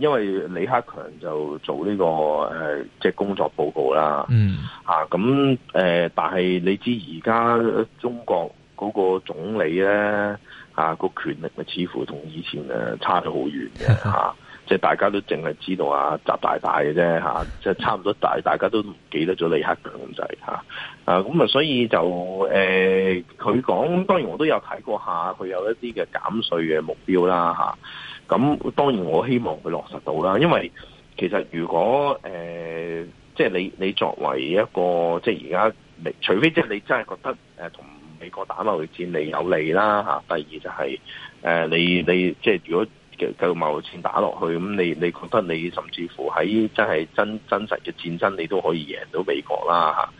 因為李克強就做呢、這個誒、呃，即係工作報告啦。嗯，吓咁誒，但係你知而家中國嗰個總理咧，吓、啊、個權力咪似乎同以前咧差咗好遠嘅吓、啊，即係大家都淨係知道啊習大大嘅啫吓，即係差唔多大，大家都唔記得咗李克強咁滯、就是、啊。咁啊，啊，所以就誒，佢、呃、講，當然我都有睇過下，佢、啊、有一啲嘅減稅嘅目標啦吓。啊。咁當然我希望佢落實到啦，因為其實如果誒，即、呃、係、就是、你你作為一個即係而家，除非即係你真係覺得同美國打貿易戰你有利啦嚇，第二就係、是、誒、呃、你你即係、就是、如果繼繼貿戰打落去咁，你你覺得你甚至乎喺真係真真實嘅戰爭你都可以贏到美國啦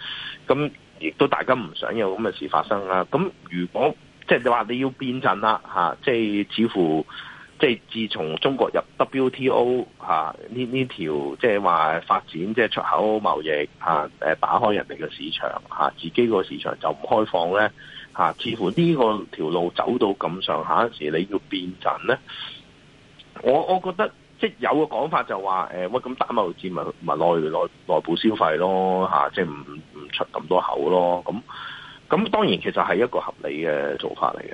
嚇，咁亦、啊、都大家唔想有咁嘅事發生啦。咁如果即係你話你要變陣啦嚇，即係似乎。即係自從中國入 WTO 嚇、啊、呢呢條即係話發展即係出口貿易嚇誒、啊、打開人哋嘅市場嚇、啊、自己個市場就唔開放咧嚇、啊，似乎呢個條路走到咁上下時，你要變陣咧。我我覺得即係有個講法就話誒，喂、呃、咁打貿戰咪咪內內內部消費咯嚇、啊，即係唔唔出咁多口咯。咁咁當然其實係一個合理嘅做法嚟嘅。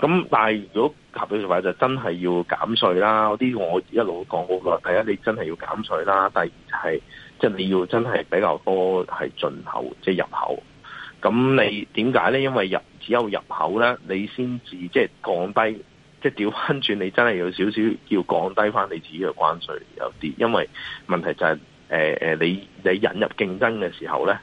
咁但係如果合併嘅話，就真係要減稅啦。嗰啲我一路講好耐。第一，你真係要減稅啦；第二就係即係你要真係比較多係進口，即係入口。咁你點解咧？因為入只有入口咧，你先至即係降低，即係調翻轉。你真係有少少要降低翻你自己嘅關稅有啲，因為問題就係誒誒，你你引入競爭嘅時候咧，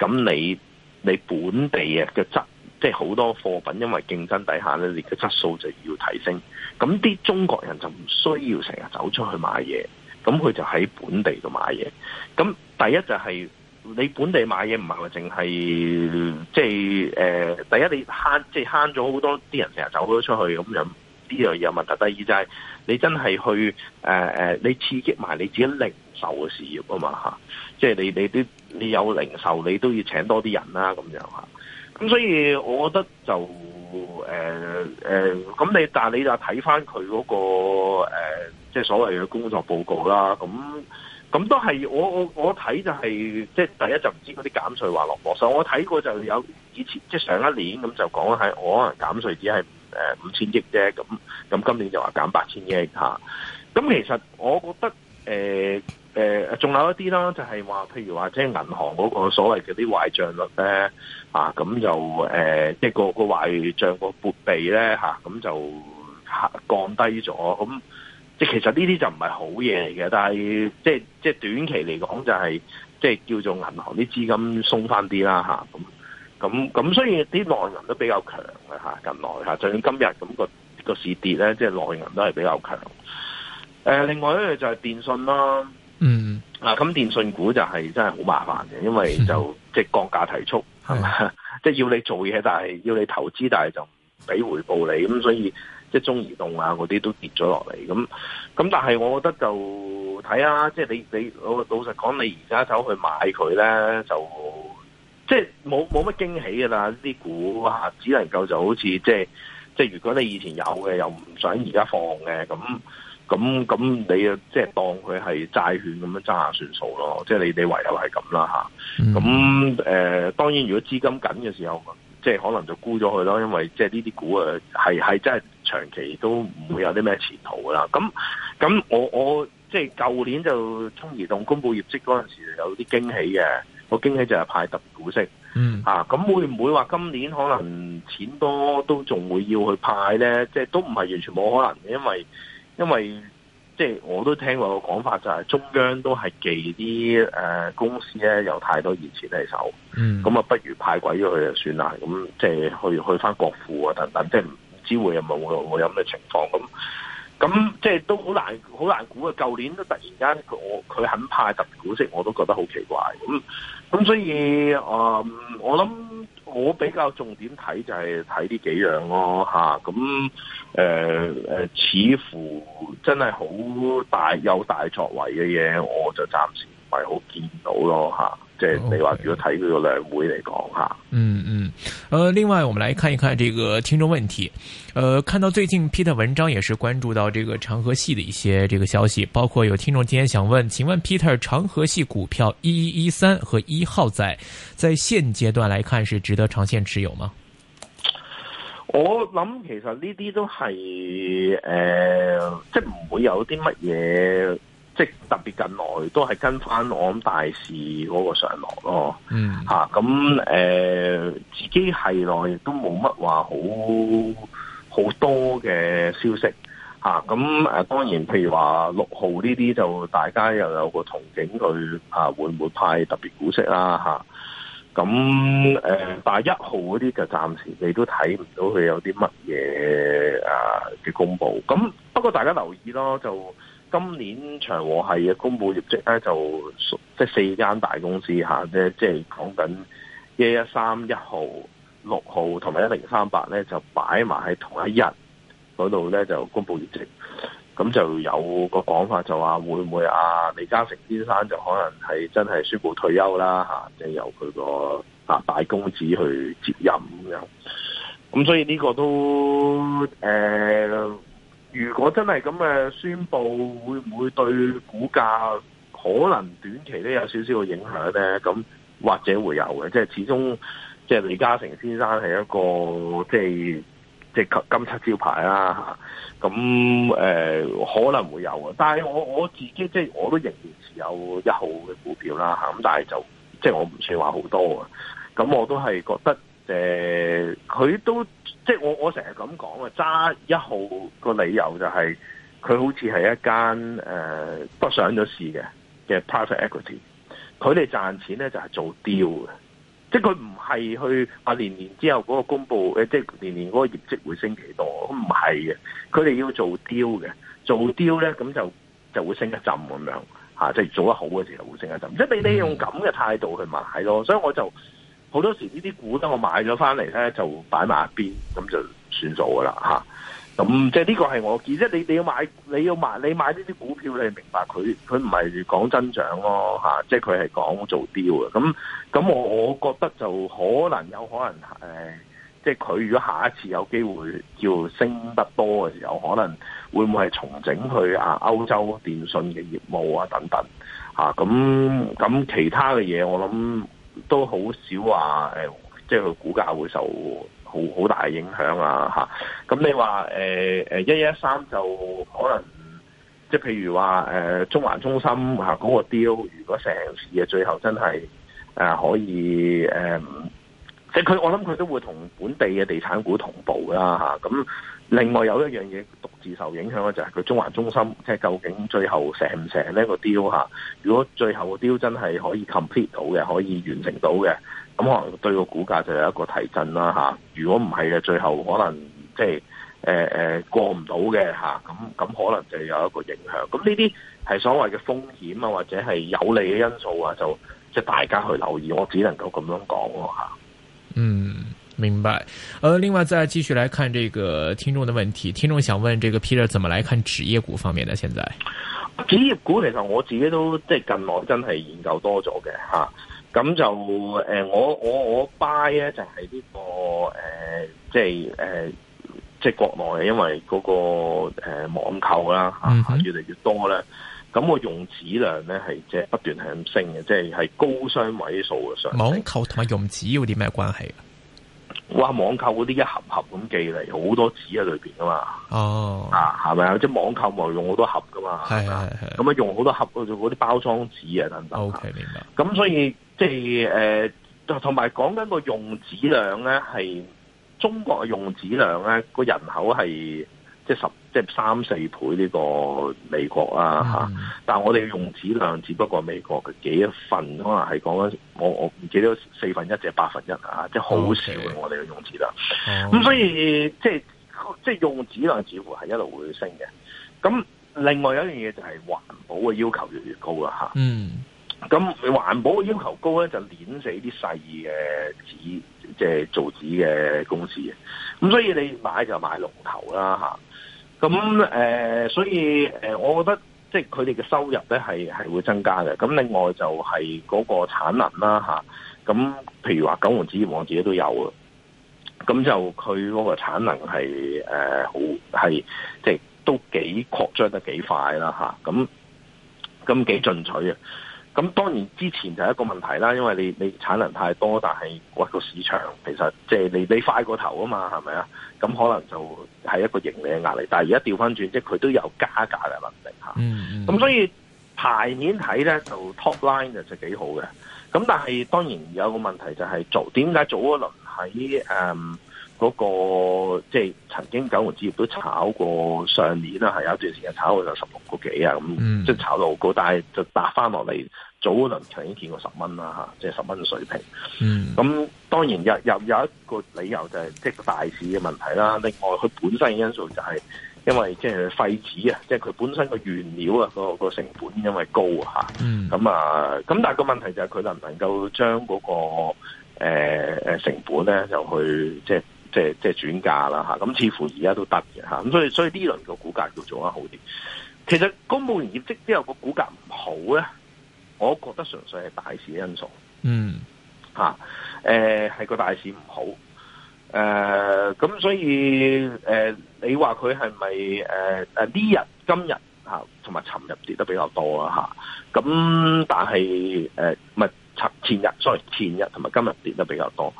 咁你你本地嘅質。即係好多貨品，因為競爭底下咧，你嘅質素就要提升。咁啲中國人就唔需要成日走出去買嘢，咁佢就喺本地度買嘢。咁第一就係、是、你本地買嘢唔係話淨係即係誒，第一你慳即係慳咗好多啲人成日走咗出去咁樣，呢樣嘢有問題。第二就係、是、你真係去誒誒、呃，你刺激埋你自己零售嘅事業嘛啊嘛吓，即、就、係、是、你你都你有零售，你都要請多啲人啦咁樣吓。啊咁所以，我覺得就誒誒，咁、呃呃、你但係你就睇翻佢嗰個即係、呃就是、所謂嘅工作報告啦。咁咁都係，我我我睇就係、是，即係第一就唔知嗰啲減稅話落落實，所以我睇過就有之前即係、就是、上一年咁就講係我可能減稅只係五千億啫。咁咁今年就話減八千億嚇。咁其實我覺得誒。呃誒仲、呃、有一啲啦，就係話，譬如話，即係銀行嗰個所謂嗰啲壞賬率咧，啊咁就誒，即係個個壞賬嗰撥備咧咁就降低咗，咁即係其實呢啲就唔係好嘢嚟嘅，但係即係即係短期嚟講就係即係叫做銀行啲資金鬆翻啲啦咁咁咁，所以啲內銀都比較強嘅、啊、近來、啊、就算今日咁、嗰個、嗰個市跌咧，即、就、係、是、內銀都係比較強。誒、啊，另外一樣就係電信啦。啊嗯，啊咁電信股就係真係好麻煩嘅，因為就即係、嗯、降價提速，即係是的 要你做嘢，但係要你投資，但係就唔俾回報你，咁所以即係、就是、中移動啊嗰啲都跌咗落嚟，咁咁但係我覺得就睇下即係你你老老實講，你而家走去買佢咧，就即係冇冇乜驚喜噶啦，呢啲股啊，只能夠就好似即係即係如果你以前有嘅，又唔想而家放嘅咁。咁咁你啊，即係當佢係債券咁樣揸下算數咯，即係你，你唯有係咁啦吓。咁、啊、誒、呃，當然如果資金緊嘅時候，即係可能就沽咗佢咯，因為即係呢啲股啊，係係真係長期都唔會有啲咩前途噶啦。咁咁我我即係舊年就中移動公布業績嗰陣時有啲驚喜嘅，我驚喜就係派特別股息。嗯啊，咁會唔會話今年可能錢多都仲會要去派咧？即係都唔係完全冇可能，因為。因為即係我都聽過個講法，就係中央都係忌啲誒、呃、公司咧有太多現錢喺手，咁啊、嗯、不如派鬼咗佢就算啦。咁即係去去翻國庫啊等等，即係唔知會有冇咯，會有咩情況咁？咁即係都好難好難估啊！舊年都突然間我佢肯派特別股息，我都覺得好奇怪。咁，嗯，所以，嗯，我諗我比較重點睇就係睇呢幾樣咯，啊，吓，啊，咁，嗯，誒，誒，似乎真係好大有大作為嘅嘢，我就暫時唔係好見到咯，吓。即係你話，如果睇佢個兩會嚟講吓，嗯嗯，呃，另外我們來看一看這個聽眾問題，呃，看到最近 Peter 文章也是關注到這個長河系的一些這個消息，包括有聽眾今天想問，請問 Peter 長河系股票一一一三和一號，在在現階段來看是值得長線持有嗎？我諗其實呢啲都係，誒、呃，即係唔會有啲乜嘢。即特別近來都係跟翻我諗大市嗰個上落咯，嚇，咁誒自己係內亦都冇乜話好好多嘅消息，咁誒、啊啊、當然，譬如話六號呢啲就大家又有個憧憬佢嚇、啊、會唔會派特別股息啦咁誒，但係一號嗰啲就暫時你都睇唔到佢有啲乜嘢啊嘅公佈，咁不過大家留意咯就。今年長和系嘅公佈業績咧，就即係四間大公司嚇咧，即係講緊一一三、一號、六號同埋一零三八咧，就擺埋喺同一日嗰度咧，就公佈業績。咁就有個講法就話，會唔會啊李嘉誠先生就可能係真係宣布退休啦嚇，即係由佢個啊大公子去接任咁樣。咁所以呢個都誒。呃如果真係咁嘅宣佈，會唔會對股價可能短期都有少少嘅影響咧？咁或者會有，嘅，即係始終即係李嘉誠先生係一個即係即係金漆招牌啦嚇。咁誒、呃、可能會有嘅，但係我我自己即係我都仍然持有一號嘅股票啦嚇。咁但係就即係我唔算話好多啊。咁我都係覺得誒，佢、呃、都。即係我我成日咁講啊，揸一號個理由就係、是、佢好似係一間誒、呃、不上咗市嘅嘅 private equity，佢哋賺錢咧就係、是、做 deal 嘅，即係佢唔係去話年年之後嗰個公佈，即係年年嗰個業績會升幾多，唔係嘅，佢哋要做 deal 嘅，做 deal 咧咁就就會升一陣咁樣，即係做得好嘅時候會升一陣，即係你你用咁嘅態度去買咯，所以我就。好多時呢啲股咧，我買咗翻嚟，咧就擺埋一邊，咁就算數噶啦吓。咁即係呢個係我，即係你，你要買你要買你買呢啲股票，你明白佢佢唔係講增長咯、啊、吓、啊，即係佢係講做 deal 嘅。咁咁我覺得就可能有可能誒、啊，即係佢如果下一次有機會叫升得多嘅時候，可能會唔會係重整佢啊歐洲電信嘅業務啊等等吓。咁、啊、咁其他嘅嘢，我諗。都好少話誒即係佢股價會受好好大影響啊！咁你話誒誒一一三就可能即係譬如話、呃、中環中心嚇嗰、啊那個 deal，如果成市嘅最後真係、啊、可以誒、啊，即係佢我諗佢都會同本地嘅地產股同步啦嚇，咁。啊啊另外有一樣嘢獨自受影響嘅就係、是、佢中環中心，即係究竟最後成唔成呢個 deal 嚇，如果最後個 deal 真係可以 complete 到嘅，可以完成到嘅，咁可能對個股價就有一個提振啦。如果唔係嘅，最後可能即係、呃、過唔到嘅，咁咁可能就有一個影響。咁呢啲係所謂嘅風險啊，或者係有利嘅因素啊，就即係大家去留意。我只能夠咁樣講嚇。嗯。明白，呃，另外再繼續來看這個聽眾的問題，聽眾想問這個 Peter 怎麼來看紙業股方面呢現在？紙業股其實我自己都即係近來真係研究多咗嘅吓，咁、啊、就誒、呃，我我我 buy 咧就係呢、這個誒，即係誒，即、就、係、是呃就是、國內因為嗰、那個誒、呃、網購啦越嚟越多啦咁、嗯、哼我用紙量咧係即係不斷係咁升嘅，即係係高雙位數嘅上。網購同埋用紙有啲咩關係？我網網購嗰啲一盒一盒咁寄嚟，好多紙喺裏邊噶嘛。哦，啊，係咪啊？即係網購咪用好多盒噶嘛。係係係。咁啊，用好多盒嗰啲包裝紙啊等等。Okay. 明白。咁所以即係誒，同埋講緊個用紙量咧，係中國嘅用紙量咧，個人口係即係十。即係三四倍呢個美國啊，吓，嗯、但係我哋嘅用紙量只不過美國嘅幾一份，可能係講緊我我唔記得四分一定係八分一啊。Okay. 即係好少嘅我哋嘅用紙量。咁 Okay. 所以即係即係用紙量似乎係一路會升嘅。咁另外有一樣嘢就係環保嘅要求越來越高啦吓。嗯，咁環保嘅要求高咧，就碾死啲細嘅紙，即係造紙嘅公司嘅。咁所以你買就買龍頭啦、啊、吓。咁誒、呃，所以誒、呃，我覺得即係佢哋嘅收入咧係係會增加嘅。咁另外就係嗰個產能啦，吓、啊。咁、啊、譬如話玖龍紙業，我自己都有。咁就佢嗰個產能係誒、啊，好係即係都幾擴張得幾快啦，吓。咁咁幾進取啊！啊啊啊嗯咁當然之前就係一個問題啦，因為你你產能太多，但係個個市場其實即係你你快過頭啊嘛，係咪啊？咁可能就係一個盈利嘅壓力。但係而家調返轉，即係佢都有加價嘅能力嚇。咁、mm hmm. 所以排面睇咧就 top line 就幾好嘅。咁但係當然有個問題，就係做，點解早嗰輪喺嗰、那個即係曾經玖龍紙業都炒過上年啦，係有一段時間炒過就十六個幾啊咁，嗯、即係炒到好高，但係就搭翻落嚟，早嗰輪曾經見過十蚊啦嚇，即係十蚊嘅水平。咁、嗯、當然又又有，有一個理由就係即係個大市嘅問題啦。另外佢本身嘅因素就係因為即係廢紙啊，即係佢本身個原料啊個個成本因為高啊嚇咁啊咁，但係個問題就係佢能唔能夠將嗰、那個誒、呃、成本咧就去即係。即係即係轉嫁啦吓，咁似乎而家都得嘅吓，咁所以所以呢輪個股價叫做得好啲。其實公布完業績之後個股價唔好咧，我覺得純粹係大市因素。嗯，吓、啊，誒，係個大市唔好。誒、呃，咁所以誒、呃，你話佢係咪誒誒呢日今日吓，同埋尋日跌得比較多啦吓。咁、啊、但係誒唔係前前日 sorry 前日同埋今日跌得比較多。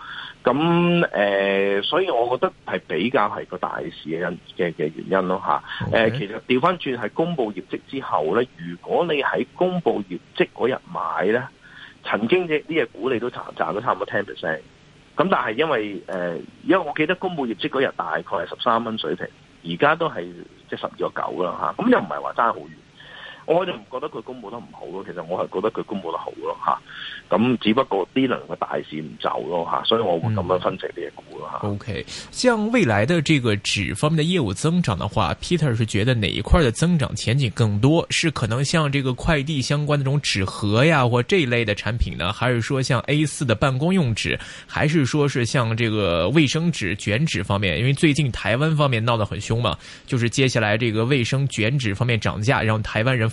咁誒、呃，所以我覺得係比較係個大市嘅嘅原因咯吓。誒 Okay.、呃，其實調翻轉係公布業績之後咧，如果你喺公布業績嗰日買咧，曾經嘅呢隻股你都賺賺咗差唔多 ten percent。咁但係因為誒、呃、因為我記得公布業績嗰日大概係十三蚊水平，而家都係即係十二個九啦吓，咁、就是、又唔係話爭好遠。我就唔覺得佢公佈得唔好咯，其實我係覺得佢公佈得好咯嚇，咁、啊、只不過呢輪嘅大市唔走咯嚇、啊，所以我會咁樣分析呢一股咯嚇。嗯、o、okay, K，像未來的這個紙方面的業務增長的話，Peter 是覺得哪一塊的增長前景更多？是可能像這個快遞相關的這種紙盒呀，或這一類的產品呢？還是說像 A 四的辦公用紙？還是說是像這個衛生紙卷紙方面？因為最近台灣方面鬧得很凶嘛，就是接下來這個衛生卷紙方面漲價，讓台灣人，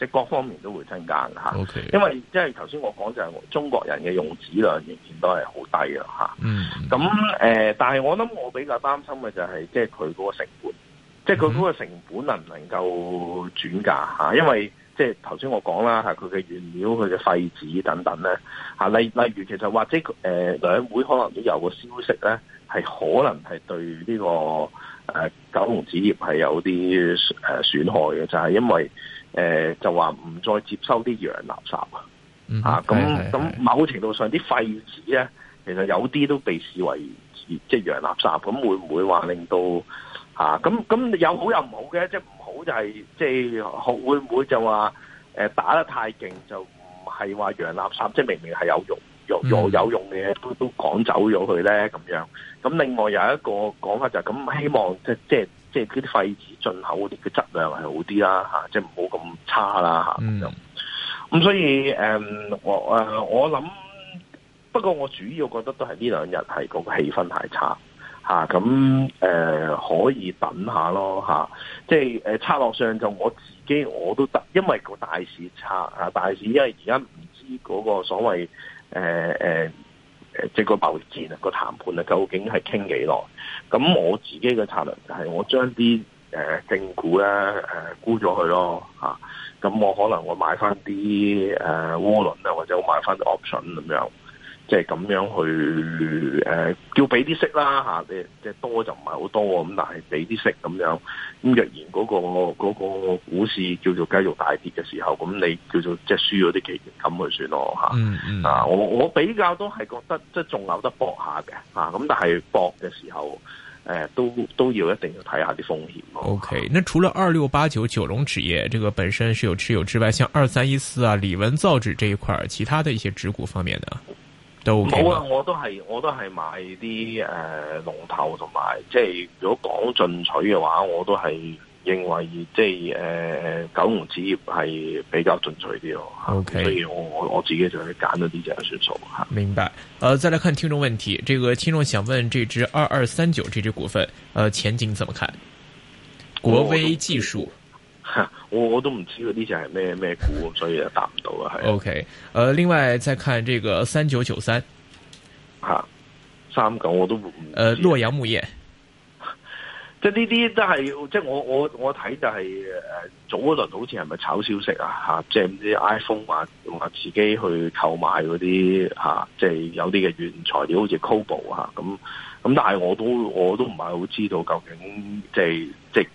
即各方面都會增加嘅 Okay. 因為即係頭先我講就係中國人嘅用紙量仍然都係好低嘅嚇。咁誒、mm hmm. 嗯，但係我諗我比較擔心嘅就係即係佢嗰個成本，即係佢嗰個成本能唔能夠轉嫁嚇？Mm hmm. 因為即係頭先我講啦嚇，佢嘅原料、佢嘅廢紙等等咧嚇，例例如其實或者誒、呃、兩會可能都有個消息咧，係可能係對呢、呢個。誒，九龍紙業係有啲誒損害嘅，就係、是、因為誒、呃、就話唔再接收啲洋垃圾、嗯、啊，吓咁咁某程度上啲廢紙咧，其實有啲都被視為即係、就是、洋垃圾，咁會唔會話令到吓咁咁有好有唔好嘅？即係唔好就係即係會唔會就話誒、呃、打得太勁，就唔係話洋垃圾，即、就、係、是、明明係有用。又、嗯、有用嘅嘢都都趕走咗佢咧，咁樣。咁另外有一個講法就咁、是，希望即即即啲廢紙進口嗰啲嘅質量係好啲啦，吓，即係唔好咁、啊、差啦，吓、啊、咁樣。咁、嗯嗯、所以誒、嗯，我誒，我諗，不過我主要覺得都係呢兩日係個氣氛太差吓，咁、啊、誒、啊、可以等下咯，吓、啊。即係誒，策、呃、落上就我自己我都得，因為個大市差、啊、大市因為而家唔知嗰個所謂。誒誒誒，即、呃呃這個貿易戰啊，這個談判啊，究竟係傾幾耐？咁我自己嘅策略就係我將啲誒正股咧沽咗佢咯，嚇、啊！咁我可能我買翻啲渦輪啊，或者我買翻啲 option 咁即係咁樣去，誒、呃，叫俾啲息啦吓，你即係多就唔係好多咁，但係俾啲息咁樣。咁、嗯、若然嗰、那個嗰、那個股市叫做繼續大跌嘅時候，咁你叫做即係輸咗啲期權咁去算咯嚇。啊，嗯、啊我我比較都係覺得即係仲有得搏下嘅嚇，咁、啊、但係搏嘅時候，誒、啊、都都要一定要睇下啲風險咯。啊、o、okay, K，那除了二六八九龍業、九龍紙業這個本身是有持有之外，像二三一四啊、理文造紙這一塊，其他的一些紙股方面呢？冇啊、OK！我都係，我都係買啲誒龍頭同埋，即係如果講進取嘅話，我都係認為即係誒、呃、九龍紙業係比較進取啲咯。OK，所以我我我自己就去揀咗啲就係算數吓。明白。誒、呃，再嚟看聽眾問題，這個聽眾想問這支二二三九這支股份，誒、呃、前景怎麼看？國威技術。我我都唔知嗰啲就係咩咩股，所以就答唔到啊係。O K，誒，另外再看這個3 3、啊、三九九三，吓三九我都唔誒、呃、洛陽鉬業即係呢啲都係即係我我我睇就係誒早嗰輪好似係咪炒消息啊吓？即係啲 iPhone 話、啊、話自己去購買嗰啲吓，即係有啲嘅原材料好似 c o b o 啊咁咁，但係我都我都唔係好知道究竟即係即。即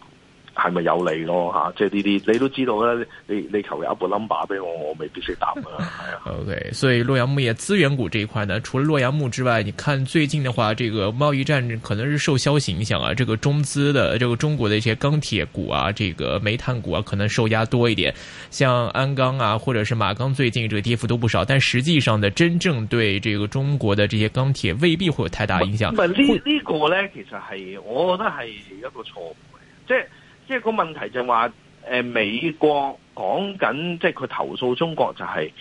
係咪有利咯？吓、啊，即係呢啲你都知道啦。你你求有一部 number 俾我，我未必識答啊。係、哎、啊。O、okay, K，所以洛陽鉬業資源股這一塊呢，除了洛陽鉬之外，你看最近的話，這個貿易戰可能是受消息影響啊。這個中資的這個中國的一些鋼鐵股啊，這個煤炭股啊，可能受壓多一點。像鞍鋼啊，或者是馬鋼，最近這個跌幅都不少。但實際上呢，真正對這個中國的這些鋼鐵未必會有太大影響。唔係會呢呢個咧，其實係我覺得係一個錯誤嘅，即係。即係、嗯哼啊、個問題就係話，誒，美國講緊即係佢投訴中國就係，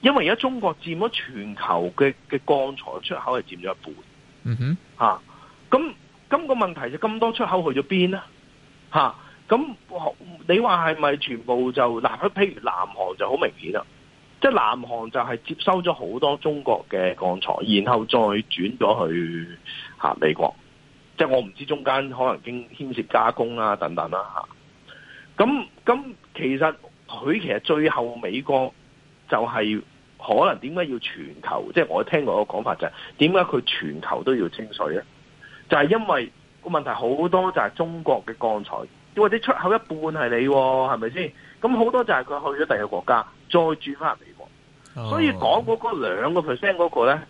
因為而家中國佔咗全球嘅嘅鋼材出口係佔咗一半，嗯哼，吓，咁咁個問題就咁多出口去咗邊呢？吓、啊，咁你話係咪全部就嗱？譬如南韓就好明顯啦，即係南韓就係接收咗好多中國嘅鋼材，然後再轉咗去吓美國。即係我唔知中間可能經牽涉加工啦，等等啦吓。咁咁其實佢其實最後美國就係可能點解要全球？即係我聽過個講法就係點解佢全球都要清水咧？就係因為個問題好多就係中國嘅鋼材，或者出口一半係你哦，係咪先？咁好多就係佢去咗第二個國家，再轉翻美國。所以講嗰個兩個 percent 嗰個咧，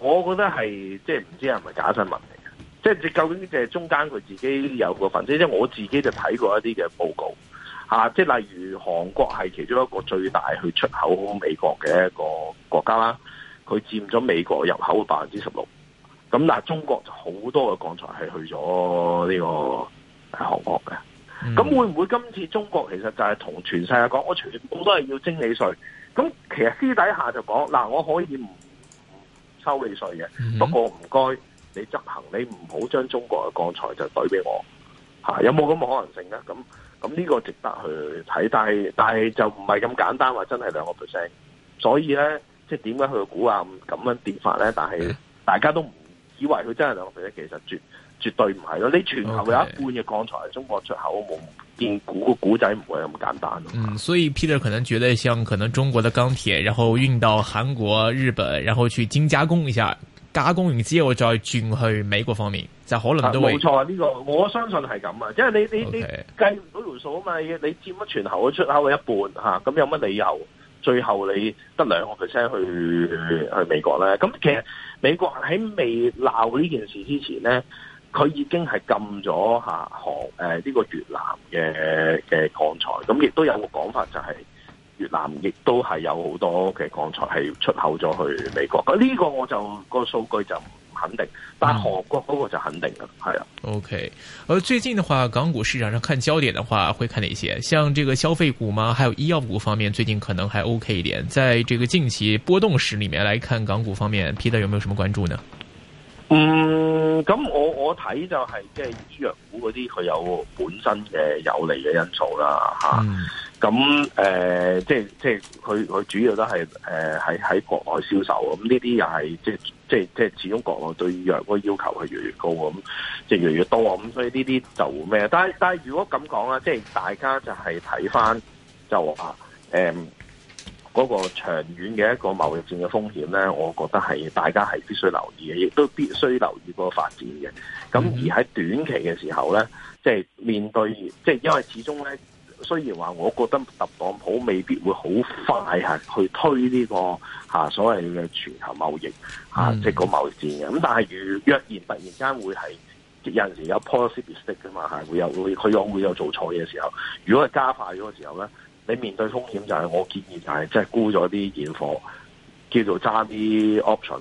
我覺得係即係唔知係咪假新聞。即係究竟即係中間佢自己有個分析，即係我自己就睇過一啲嘅報告嚇，即係例如韓國係其中一個最大去出口美國嘅一個國家啦，佢佔咗美國入口百分之十六。咁但係中國就好多嘅鋼材係去咗呢個韓國嘅，咁、嗯、會唔會今次中國其實就係同全世界講，我全部都係要徵理稅？咁其實私底下就講嗱，我可以唔收理稅嘅，不過唔該。你執行你唔好將中國嘅鋼材就對俾我、啊、有冇咁嘅可能性咧？咁咁呢個值得去睇，但係但係就唔係咁簡單話真係兩個 percent，所以咧即係點解佢個股啊咁樣跌法咧？但係大家都唔以為佢真係兩個 percent，其實絕絕對唔係咯。你全球有一半嘅鋼材係中國出口，冇 Okay. 見估個股仔唔會咁簡單，啊。嗯，所以 Peter 可能覺得，像可能中國嘅鋼鐵，然後運到韓國、日本，然後去精加工一下。加工完之後再轉去美國方面，就可能都會冇錯。呢、這個我相信係咁啊，即係你你 Okay. 你計唔到條數啊嘛，你佔咗全球嘅出口嘅一半吓，咁有乜理由最後你得兩個 percent 去去，去美國咧？咁其實美國喺未鬧呢件事之前咧，佢已經係禁咗吓行誒呢個越南嘅嘅鋼材，咁亦都有個講法就係、是。越南亦都係有好多嘅鋼材係出口咗去美國，咁、這、呢個我就、那個數據就唔肯定，但係韓國嗰個就肯定嘅，係啊。是 OK，而最近嘅話，港股市場上看焦點嘅話，會看哪些？像這個消費股嘛，還有醫藥股方面，最近可能還 OK 一點。在這個近期波動時裡面，來看港股方面，Peter，有沒有什麼關注呢？嗯，咁我我睇就係即係醫藥股嗰啲，佢有本身嘅有利嘅因素啦，嚇、啊。嗯咁誒、呃，即係即係佢佢主要都係誒喺喺國外銷售，咁呢啲又係即係即係即係始終國內對於藥嗰要求係越嚟越高，咁即係越嚟越多，咁所以呢啲就咩？但係但係如果咁講啦，即係大家就係睇翻就話誒嗰個長遠嘅一個貿易戰嘅風險咧，我覺得係大家係必須留意，亦都必須留意個發展嘅。咁而喺短期嘅時候咧，即係面對即係因為始終咧。雖然話，我覺得特朗普未必會好快係去推呢、這個、啊、所謂嘅全球貿易嚇，即、啊、個、就是、貿易戰嘅。咁但係如若然突然間會係有陣時有 policy mistake 嘅嘛，嚇會有會佢有會有做錯嘢嘅時候，如果係加快咗嘅時候咧，你面對風險就係我建議就係即係沽咗啲現貨，叫做揸啲 option。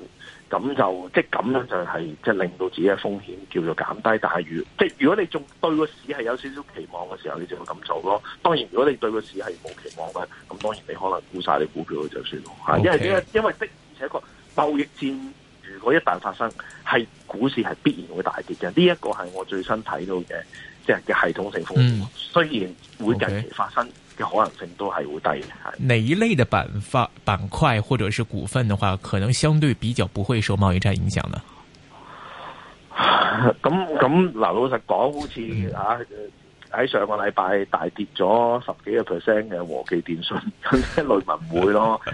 咁就即係咁就係、是、即、就是就是、令到自己嘅風險叫做減低。但係如即如果你仲對個市係有少少期望嘅時候，你就咁做咯。當然，如果你對個市係冇期望嘅，咁當然你可能沽晒你股票就算咯。因為 Okay. 因為的而且確貿易戰如果一旦發生，係股市係必然會大跌嘅。呢一個係我最新睇到嘅。嘅系統性風險雖然會近期發生嘅可能性都係會低。哪一類的板塊板塊或者是股份的話，可能相對比較不會受貿易戰影響呢？咁咁嗱，老實講，好似、嗯、啊喺上個禮拜大跌咗十幾個 percent 嘅和記電訊，咁類咪唔會咯。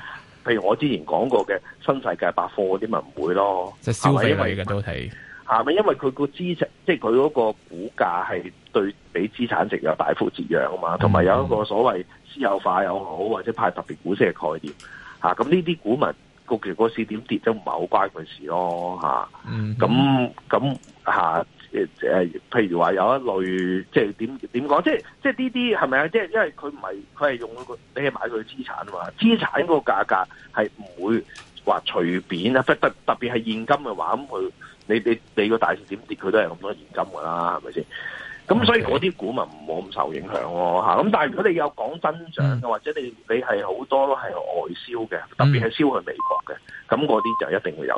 譬如我之前講過嘅新世界百貨嗰啲咪唔會咯，即係消費位嘅都係。 係咪因為佢個資產，即係佢嗰個股價係對比資產值有大幅折讓啊嘛，同埋有一個所謂私有化又好或者派特別股息嘅概念，吓，咁呢啲股民個期個市點跌都唔係好關佢事咯，吓、啊。咁咁吓，誒、啊、譬如話有一類，即係點點講，即係即係呢啲係咪啊？即係因為佢唔係佢係用你係買佢嘅資產啊嘛，資產個價格係唔會話隨便啊，特別特別係現金嘅話咁佢。你你你個大市點跌佢都係咁多現金㗎啦，係咪先？咁所以嗰啲股民唔好咁受影響喎。咁但係如果你有講增長嘅或者你你係好多都係外銷嘅，特別係銷去美國嘅，咁嗰啲就一定會有。